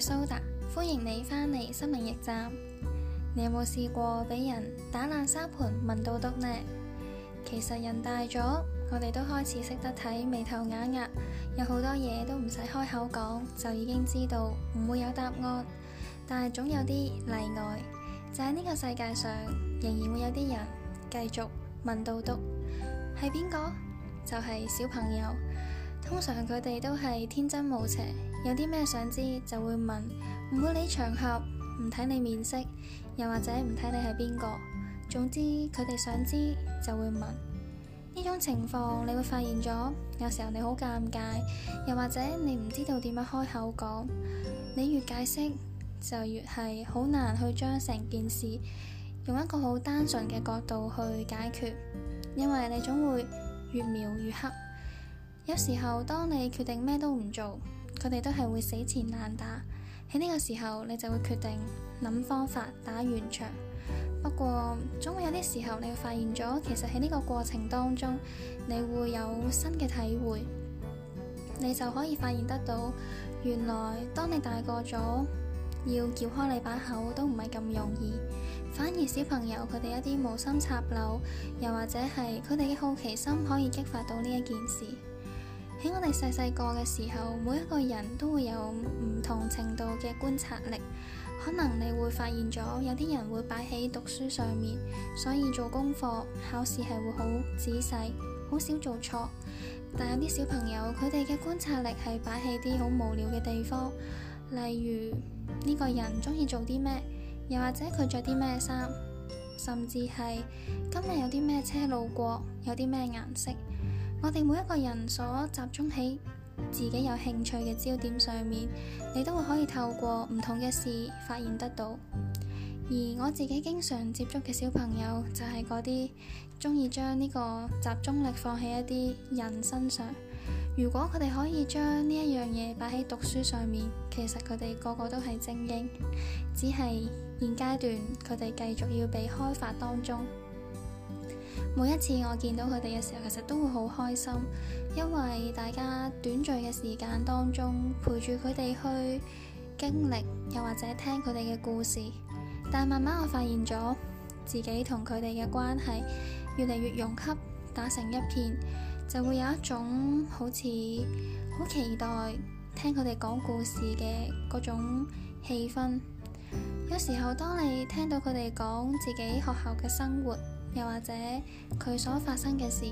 蘇達，S S oda, 歡迎你返嚟《心靈驛站》。你有冇試過俾人打爛沙盤問到篤呢？其實人大咗，我哋都開始識得睇眉頭眼額，有好多嘢都唔使開口講就已經知道唔會有答案。但係總有啲例外，就喺、是、呢個世界上仍然會有啲人繼續問到篤。係邊個？就係、是、小朋友。通常佢哋都係天真無邪。有啲咩想知，就會問，唔會理場合，唔睇你面色，又或者唔睇你係邊個。總之佢哋想知就會問呢種情況，你會發現咗，有時候你好尷尬，又或者你唔知道點樣開口講。你越解釋，就越係好難去將成件事用一個好單純嘅角度去解決，因為你總會越描越黑。有時候當你決定咩都唔做。佢哋都係會死纏爛打，喺呢個時候你就會決定諗方法打圓場。不過總會有啲時候，你會發現咗，其實喺呢個過程當中，你會有新嘅體會，你就可以發現得到，原來當你大個咗，要撬開你把口都唔係咁容易，反而小朋友佢哋一啲無心插柳，又或者係佢哋嘅好奇心可以激發到呢一件事。喺我哋細細個嘅時候，每一個人都會有唔同程度嘅觀察力。可能你會發現咗，有啲人會擺喺讀書上面，所以做功課、考試係會好仔細，好少做錯。但有啲小朋友，佢哋嘅觀察力係擺喺啲好無聊嘅地方，例如呢個人中意做啲咩，又或者佢着啲咩衫，甚至係今日有啲咩車路過，有啲咩顏色。我哋每一個人所集中喺自己有興趣嘅焦點上面，你都會可以透過唔同嘅事發現得到。而我自己經常接觸嘅小朋友就係嗰啲中意將呢個集中力放喺一啲人身上。如果佢哋可以將呢一樣嘢擺喺讀書上面，其實佢哋個個都係精英，只係現階段，佢哋繼續要俾開發當中。每一次我見到佢哋嘅時候，其實都會好開心，因為大家短聚嘅時間當中陪住佢哋去經歷，又或者聽佢哋嘅故事。但慢慢我發現咗自己同佢哋嘅關係越嚟越融洽，打成一片，就會有一種好似好期待聽佢哋講故事嘅嗰種氣氛。有時候當你聽到佢哋講自己學校嘅生活，又或者佢所發生嘅事，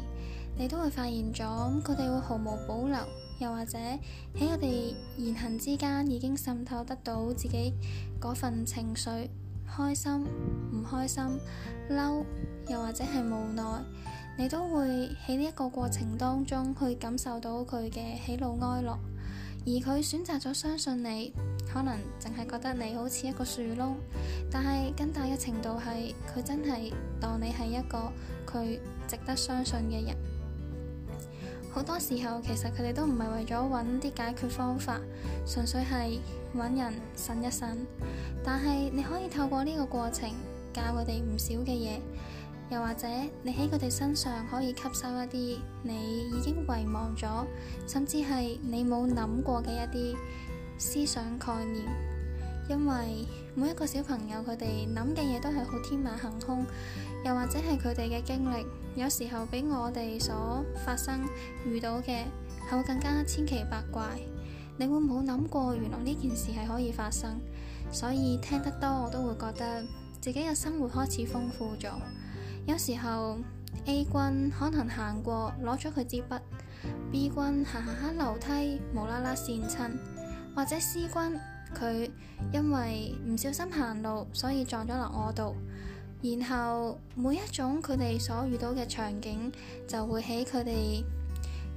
你都會發現咗，佢哋會毫無保留。又或者喺我哋言行之間，已經滲透得到自己嗰份情緒，開心、唔開心、嬲，又或者係無奈，你都會喺呢一個過程當中去感受到佢嘅喜怒哀樂。而佢選擇咗相信你。可能淨係覺得你好似一個樹窿，但係更大嘅程度係佢真係當你係一個佢值得相信嘅人。好多時候其實佢哋都唔係為咗揾啲解決方法，純粹係揾人呻一呻。但係你可以透過呢個過程教佢哋唔少嘅嘢，又或者你喺佢哋身上可以吸收一啲你已經遺忘咗，甚至係你冇諗過嘅一啲。思想概念，因為每一個小朋友佢哋諗嘅嘢都係好天馬行空，又或者係佢哋嘅經歷，有時候比我哋所發生遇到嘅係會更加千奇百怪。你會冇諗過原來呢件事係可以發生，所以聽得多我都會覺得自己嘅生活開始豐富咗。有時候 A 君可能行過攞咗佢支筆，B 君行行下樓梯無啦啦跣親。或者師君佢因為唔小心行路，所以撞咗落我度。然後每一種佢哋所遇到嘅場景，就會喺佢哋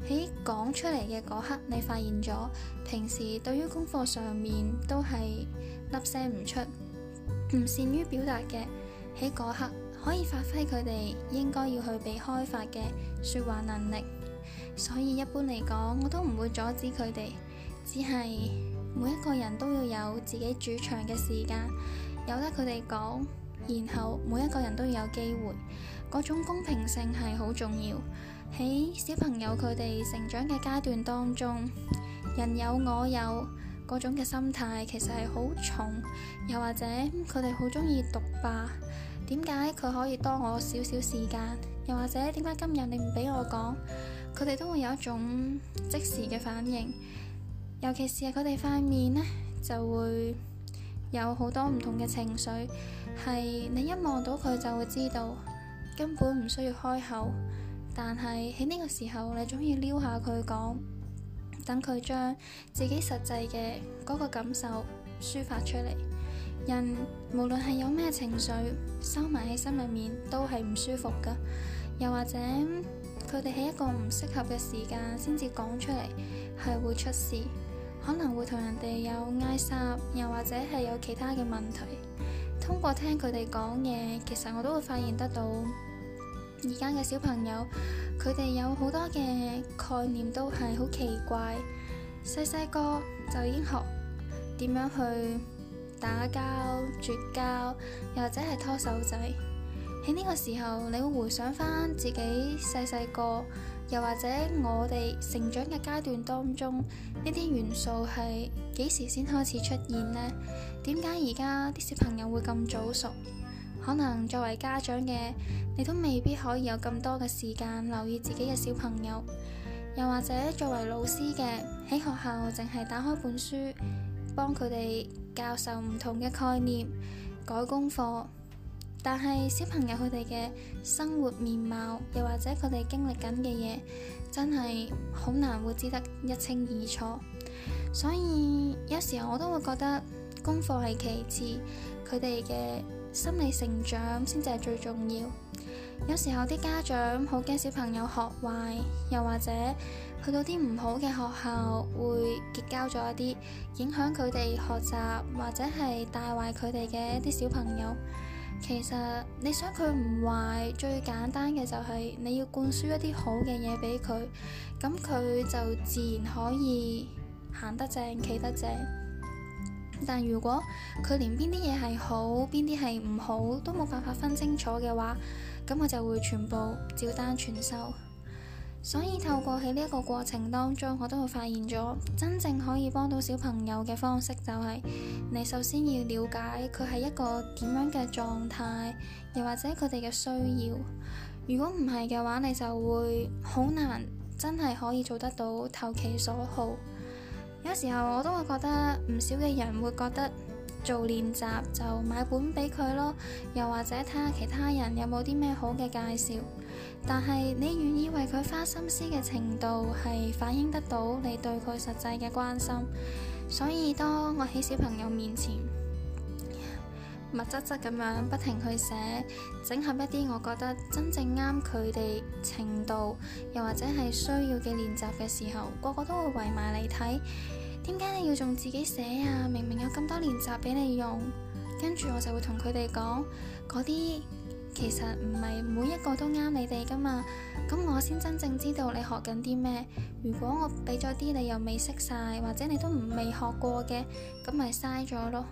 喺講出嚟嘅嗰刻，你發現咗平時對於功課上面都係粒聲唔出，唔善於表達嘅喺嗰刻可以發揮佢哋應該要去被開發嘅說話能力。所以一般嚟講，我都唔會阻止佢哋，只係。每一個人都要有自己主場嘅時間，由得佢哋講，然後每一個人都要有機會，嗰種公平性係好重要。喺小朋友佢哋成長嘅階段當中，人有我有嗰種嘅心態，其實係好重，又或者佢哋好中意獨霸，點解佢可以多我少少時間？又或者點解今日你唔俾我講？佢哋都會有一種即時嘅反應。尤其是係佢哋塊面呢，就會有好多唔同嘅情緒，係你一望到佢就會知道，根本唔需要開口。但係喺呢個時候，你總要撩下佢講，等佢將自己實際嘅嗰個感受抒發出嚟。人無論係有咩情緒收埋喺心裏面都係唔舒服㗎，又或者佢哋喺一個唔適合嘅時間先至講出嚟，係會出事。可能會同人哋有嗌沙，又或者係有其他嘅問題。通過聽佢哋講嘢，其實我都會發現得到而家嘅小朋友，佢哋有好多嘅概念都係好奇怪。細細個就已經學點樣去打交、絕交，又或者係拖手仔。喺呢個時候，你會回想返自己細細個。又或者我哋成長嘅階段當中，呢啲元素係幾時先開始出現呢？點解而家啲小朋友會咁早熟？可能作為家長嘅，你都未必可以有咁多嘅時間留意自己嘅小朋友，又或者作為老師嘅，喺學校淨係打開本書，幫佢哋教授唔同嘅概念，改功課。但係小朋友佢哋嘅生活面貌，又或者佢哋經歷緊嘅嘢，真係好難會知得一清二楚。所以有時候我都會覺得功課係其次，佢哋嘅心理成長先至係最重要。有時候啲家長好驚小朋友學壞，又或者去到啲唔好嘅學校會結交咗一啲影響佢哋學習，或者係帶壞佢哋嘅一啲小朋友。其實你想佢唔壞，最簡單嘅就係、是，你要灌輸一啲好嘅嘢俾佢，咁佢就自然可以行得正企得正。但如果佢連邊啲嘢係好，邊啲係唔好都冇辦法分清楚嘅話，咁我就會全部照單全收。所以透過喺呢一個過程當中，我都會發現咗真正可以幫到小朋友嘅方式就係，你首先要了解佢係一個點樣嘅狀態，又或者佢哋嘅需要。如果唔係嘅話，你就會好難真係可以做得到投其所好。有時候我都會覺得唔少嘅人會覺得。做練習就買本俾佢咯，又或者睇下其他人有冇啲咩好嘅介紹。但係你願意為佢花心思嘅程度，係反映得到你對佢實際嘅關心。所以當我喺小朋友面前，密質質咁樣不停去寫，整合一啲我覺得真正啱佢哋程度，又或者係需要嘅練習嘅時候，個個都會圍埋嚟睇。點解你要仲自己寫啊？明明有咁多練習俾你用，跟住我就會同佢哋講，嗰啲其實唔係每一個都啱你哋噶嘛。咁我先真正知道你學緊啲咩。如果我俾咗啲你又未識晒，或者你都唔未學過嘅，咁咪嘥咗咯。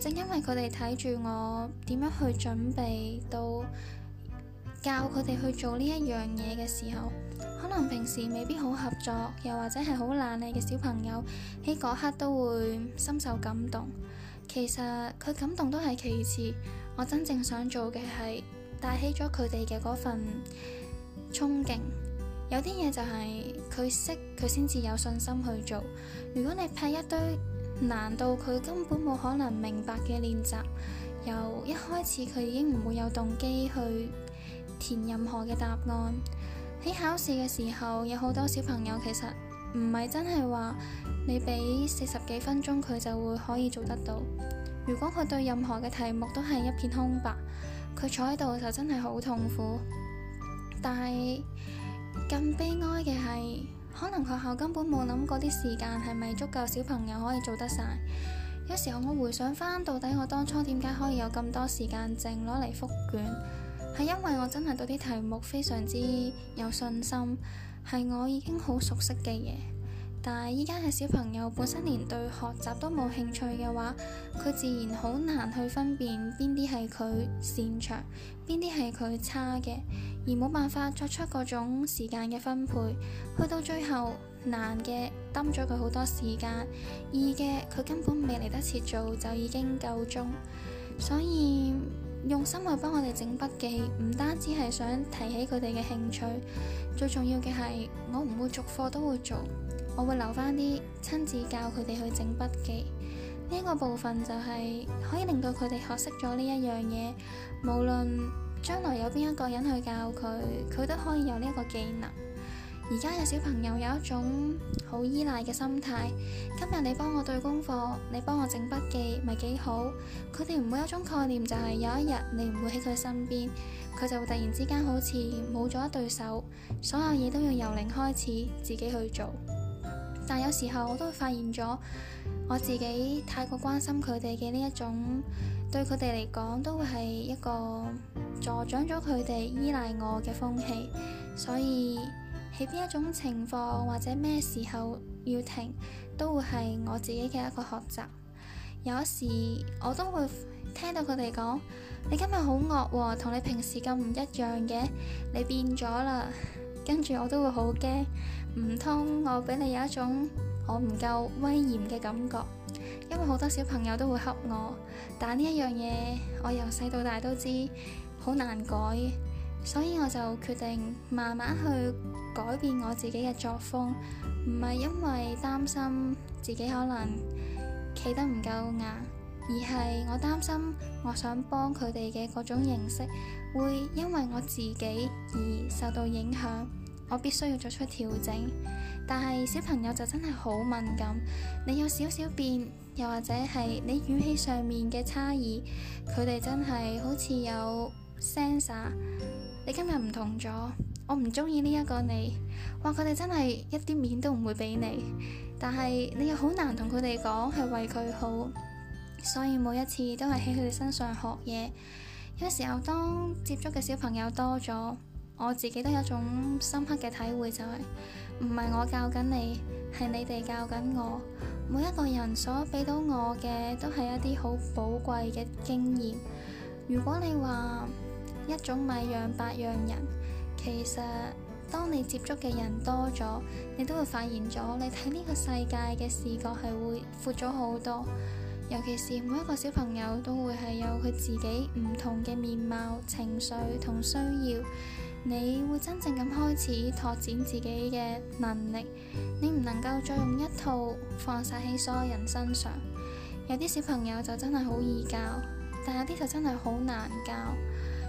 正因為佢哋睇住我點樣去準備到教佢哋去做呢一樣嘢嘅時候。可能平時未必好合作，又或者係好懶嘅小朋友，喺嗰刻都會深受感動。其實佢感動都係其次，我真正想做嘅係帶起咗佢哋嘅嗰份憧憬。有啲嘢就係佢識，佢先至有信心去做。如果你劈一堆難到佢根本冇可能明白嘅練習，由一開始佢已經唔會有動機去填任何嘅答案。喺考試嘅時候，有好多小朋友其實唔係真係話你俾四十幾分鐘佢就會可以做得到。如果佢對任何嘅題目都係一片空白，佢坐喺度就真係好痛苦。但係更悲哀嘅係，可能學校根本冇諗過啲時間係咪足夠小朋友可以做得晒。有時候我回想翻，到底我當初點解可以有咁多時間剩攞嚟複卷？係因為我真係對啲題目非常之有信心，係我已經好熟悉嘅嘢。但係依家嘅小朋友本身連對學習都冇興趣嘅話，佢自然好難去分辨邊啲係佢擅長，邊啲係佢差嘅，而冇辦法作出嗰種時間嘅分配。去到最後，難嘅，抌咗佢好多時間，易嘅佢根本未嚟得切做就已經夠鐘，所以，用心去幫我哋整筆記，唔單止係想提起佢哋嘅興趣，最重要嘅係我唔會逐課都會做，我會留翻啲親自教佢哋去整筆記。呢、這個部分就係、是、可以令到佢哋學識咗呢一樣嘢，無論將來有邊一個人去教佢，佢都可以有呢一個技能。而家有小朋友有一種好依賴嘅心態。今日你幫我對功課，你幫我整筆記，咪幾好？佢哋唔會有一種概念，就係有一日你唔會喺佢身邊，佢就會突然之間好似冇咗一對手，所有嘢都要由零開始自己去做。但有時候我都會發現咗我自己太過關心佢哋嘅呢一種，對佢哋嚟講都會係一個助長咗佢哋依賴我嘅風氣，所以。喺邊一種情況或者咩時候要停，都會係我自己嘅一個學習。有時我都會聽到佢哋講：你今日好惡喎、哦，同你平時咁唔一樣嘅，你變咗啦。跟住我都會好驚，唔通我俾你有一種我唔夠威嚴嘅感覺。因為好多小朋友都會恰我，但呢一樣嘢我由細到大都知，好難改。所以我就決定慢慢去改變我自己嘅作風，唔係因為擔心自己可能企得唔夠硬，而係我擔心我想幫佢哋嘅各種形式會因為我自己而受到影響。我必須要作出調整，但係小朋友就真係好敏感，你有少少變，又或者係你語氣上面嘅差異，佢哋真係好似有 sensor。你今日唔同咗，我唔中意呢一個你話，佢哋真係一啲面都唔會俾你，但係你又好難同佢哋講係為佢好，所以每一次都係喺佢哋身上學嘢。有時候當接觸嘅小朋友多咗，我自己都有一種深刻嘅體會，就是，就係唔係我教緊你，係你哋教緊我。每一個人所俾到我嘅都係一啲好寶貴嘅經驗。如果你話，一種米養百樣人，其實當你接觸嘅人多咗，你都會發現咗，你睇呢個世界嘅視覺係會闊咗好多。尤其是每一個小朋友都會係有佢自己唔同嘅面貌、情緒同需要，你會真正咁開始拓展自己嘅能力。你唔能夠再用一套放晒喺所有人身上。有啲小朋友就真係好易教，但有啲就真係好難教。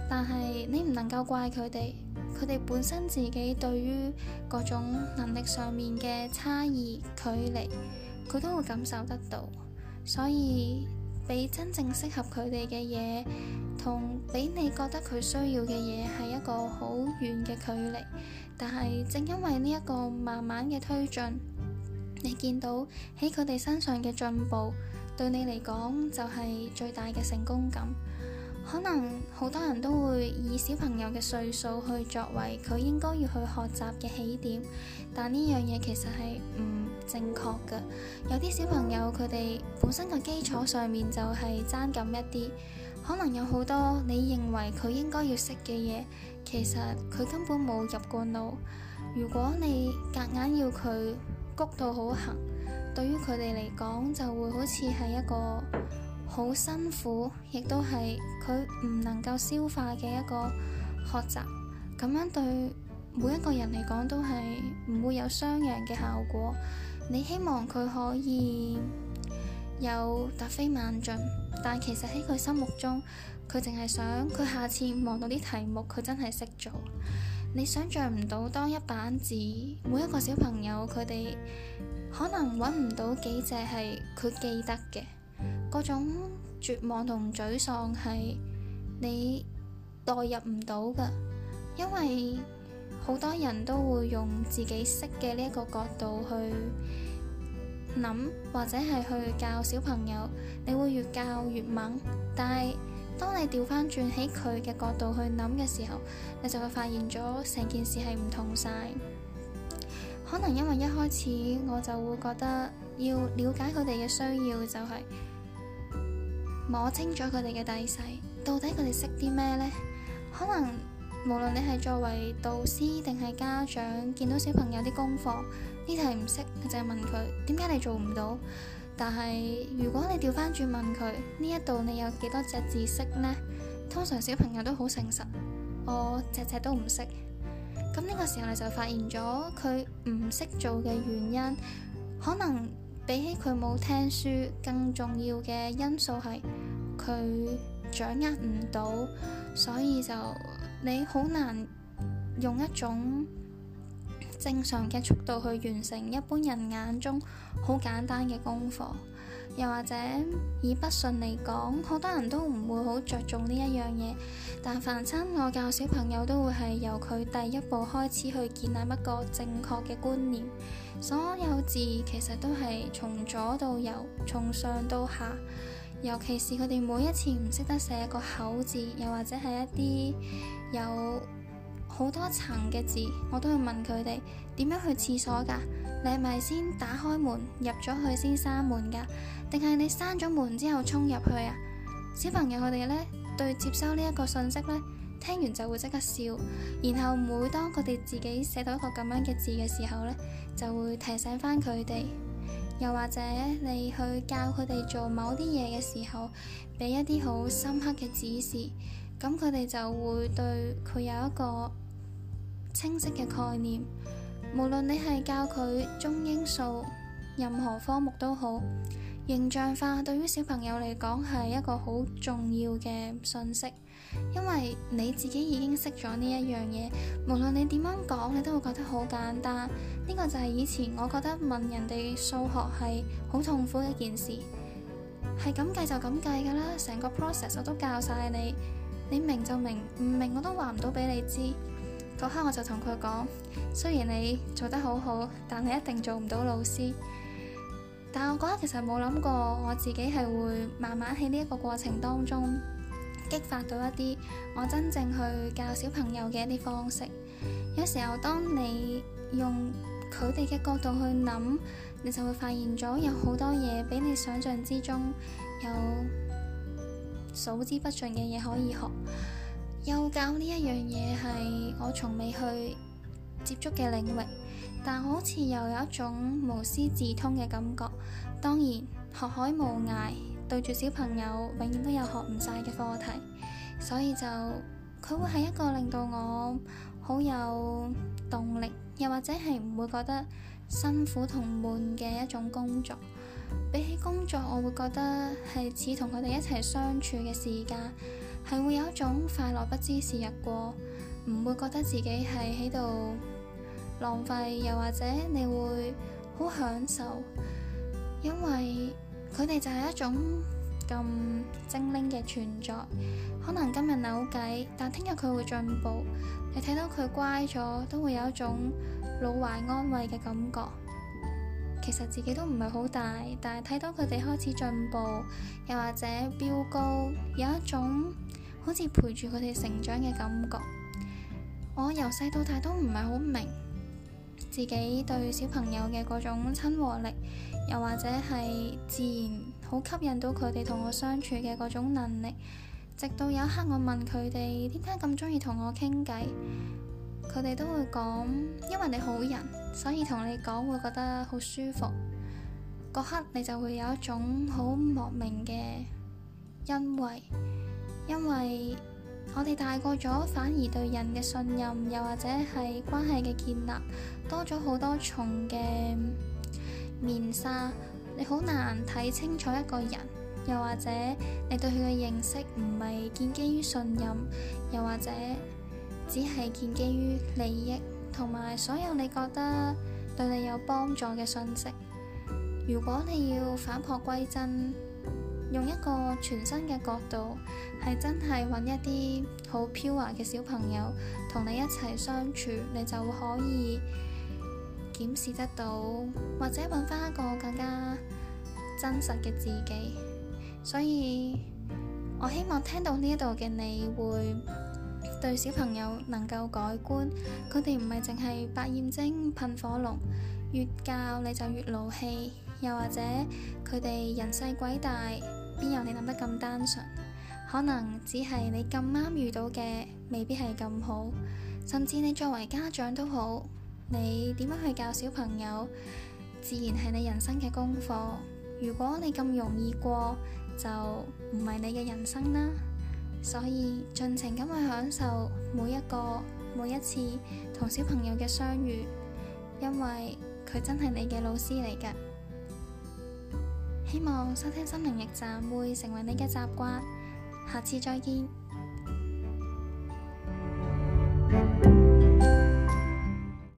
但係你唔能夠怪佢哋，佢哋本身自己對於各種能力上面嘅差異距離，佢都會感受得到。所以俾真正適合佢哋嘅嘢，同俾你覺得佢需要嘅嘢，係一個好遠嘅距離。但係正因為呢一個慢慢嘅推進，你見到喺佢哋身上嘅進步，對你嚟講就係最大嘅成功感。可能好多人都會以小朋友嘅歲數去作為佢應該要去學習嘅起點，但呢樣嘢其實係唔正確嘅。有啲小朋友佢哋本身嘅基礎上面就係爭咁一啲，可能有好多你認為佢應該要識嘅嘢，其實佢根本冇入過腦。如果你夾硬要佢谷到好行，對於佢哋嚟講就會好似係一個好辛苦，亦都係佢唔能夠消化嘅一個學習，咁樣對每一個人嚟講都係唔會有雙贏嘅效果。你希望佢可以有突飛猛進，但其實喺佢心目中，佢淨係想佢下次望到啲題目，佢真係識做。你想象唔到，當一版紙，每一個小朋友佢哋可能揾唔到幾隻係佢記得嘅。嗰種絕望同沮喪係你代入唔到㗎，因為好多人都會用自己識嘅呢一個角度去諗，或者係去教小朋友，你會越教越猛。但係當你調翻轉喺佢嘅角度去諗嘅時候，你就會發現咗成件事係唔同晒。可能因為一開始我就會覺得要了解佢哋嘅需要，就是，就係。摸清咗佢哋嘅底細，到底佢哋識啲咩呢？可能無論你係作為導師定係家長，見到小朋友啲功課呢題唔識，你就問佢點解你做唔到？但係如果你調翻轉問佢呢一度你有幾多隻字識呢？通常小朋友都好誠實，我隻隻都唔識。咁呢個時候你就發現咗佢唔識做嘅原因，可能。比起佢冇聽書，更重要嘅因素係佢掌握唔到，所以就你好難用一種正常嘅速度去完成一般人眼中好簡單嘅功課。又或者以筆順嚟講，好多人都唔會好着重呢一樣嘢。但凡親我教小朋友，都會係由佢第一步開始去建立一個正確嘅觀念。所有字其實都係從左到右，從上到下。尤其是佢哋每一次唔識得寫個口字，又或者係一啲有好多層嘅字，我都會問佢哋點樣去廁所㗎？你係咪先打開門入咗去先閂門噶，定係你閂咗門之後衝入去啊？小朋友佢哋呢對接收呢一個信息呢，聽完就會即刻笑，然後每當佢哋自己寫到一個咁樣嘅字嘅時候呢，就會提醒翻佢哋。又或者你去教佢哋做某啲嘢嘅時候，俾一啲好深刻嘅指示，咁佢哋就會對佢有一個清晰嘅概念。無論你係教佢中英數，任何科目都好，形象化對於小朋友嚟講係一個好重要嘅信息，因為你自己已經識咗呢一樣嘢，無論你點樣講，你都會覺得好簡單。呢個就係以前我覺得問人哋數學係好痛苦嘅一件事，係咁計就咁計噶啦，成個 process 我都教晒你，你明就明，唔明我都話唔到俾你知。嗰刻我就同佢講，雖然你做得好好，但你一定做唔到老師。但我覺得其實冇諗過我自己係會慢慢喺呢一個過程當中，激發到一啲我真正去教小朋友嘅一啲方式。有時候當你用佢哋嘅角度去諗，你就會發現咗有好多嘢比你想象之中有數之不盡嘅嘢可以學。幼教呢一樣嘢係我從未去接觸嘅領域，但好似又有一種無師自通嘅感覺。當然，學海無涯，對住小朋友，永遠都有學唔晒嘅課題，所以就，佢會係一個令到我好有動力，又或者係唔會覺得辛苦同悶嘅一種工作。比起工作，我會覺得係似同佢哋一齊相處嘅時間。係會有一種快樂不知時日過，唔會覺得自己係喺度浪費，又或者你會好享受，因為佢哋就係一種咁精靈嘅存在。可能今日扭計，但聽日佢會進步。你睇到佢乖咗，都會有一種老懷安慰嘅感覺。其實自己都唔係好大，但係睇到佢哋開始進步，又或者飆高，有一種好似陪住佢哋成長嘅感覺。我由細到大都唔係好明自己對小朋友嘅嗰種親和力，又或者係自然好吸引到佢哋同我相處嘅嗰種能力。直到有一刻我問佢哋，點解咁中意同我傾偈？佢哋都會講，因為你好人，所以同你講會覺得好舒服。嗰刻你就會有一種好莫名嘅欣慰，因為我哋大個咗，反而對人嘅信任，又或者係關係嘅建立，多咗好多重嘅面紗，你好難睇清楚一個人，又或者你對佢嘅認識唔係建基於信任，又或者。只係建基於利益同埋所有你覺得對你有幫助嘅信息。如果你要返璞歸真，用一個全新嘅角度，係真係揾一啲好飄華嘅小朋友同你一齊相處，你就可以檢視得到，或者揾翻一個更加真實嘅自己。所以我希望聽到呢一度嘅你會對小朋友能夠改觀，佢哋唔係淨係白燕精、噴火龍，越教你就越老氣，又或者佢哋人細鬼大，邊有你諗得咁單純？可能只係你咁啱遇到嘅，未必係咁好，甚至你作為家長都好，你點樣去教小朋友，自然係你人生嘅功課。如果你咁容易過，就唔係你嘅人生啦。所以盡情咁去享受每一個、每一次同小朋友嘅相遇，因為佢真係你嘅老師嚟㗎。希望收聽心靈驛站會成為你嘅習慣，下次再見。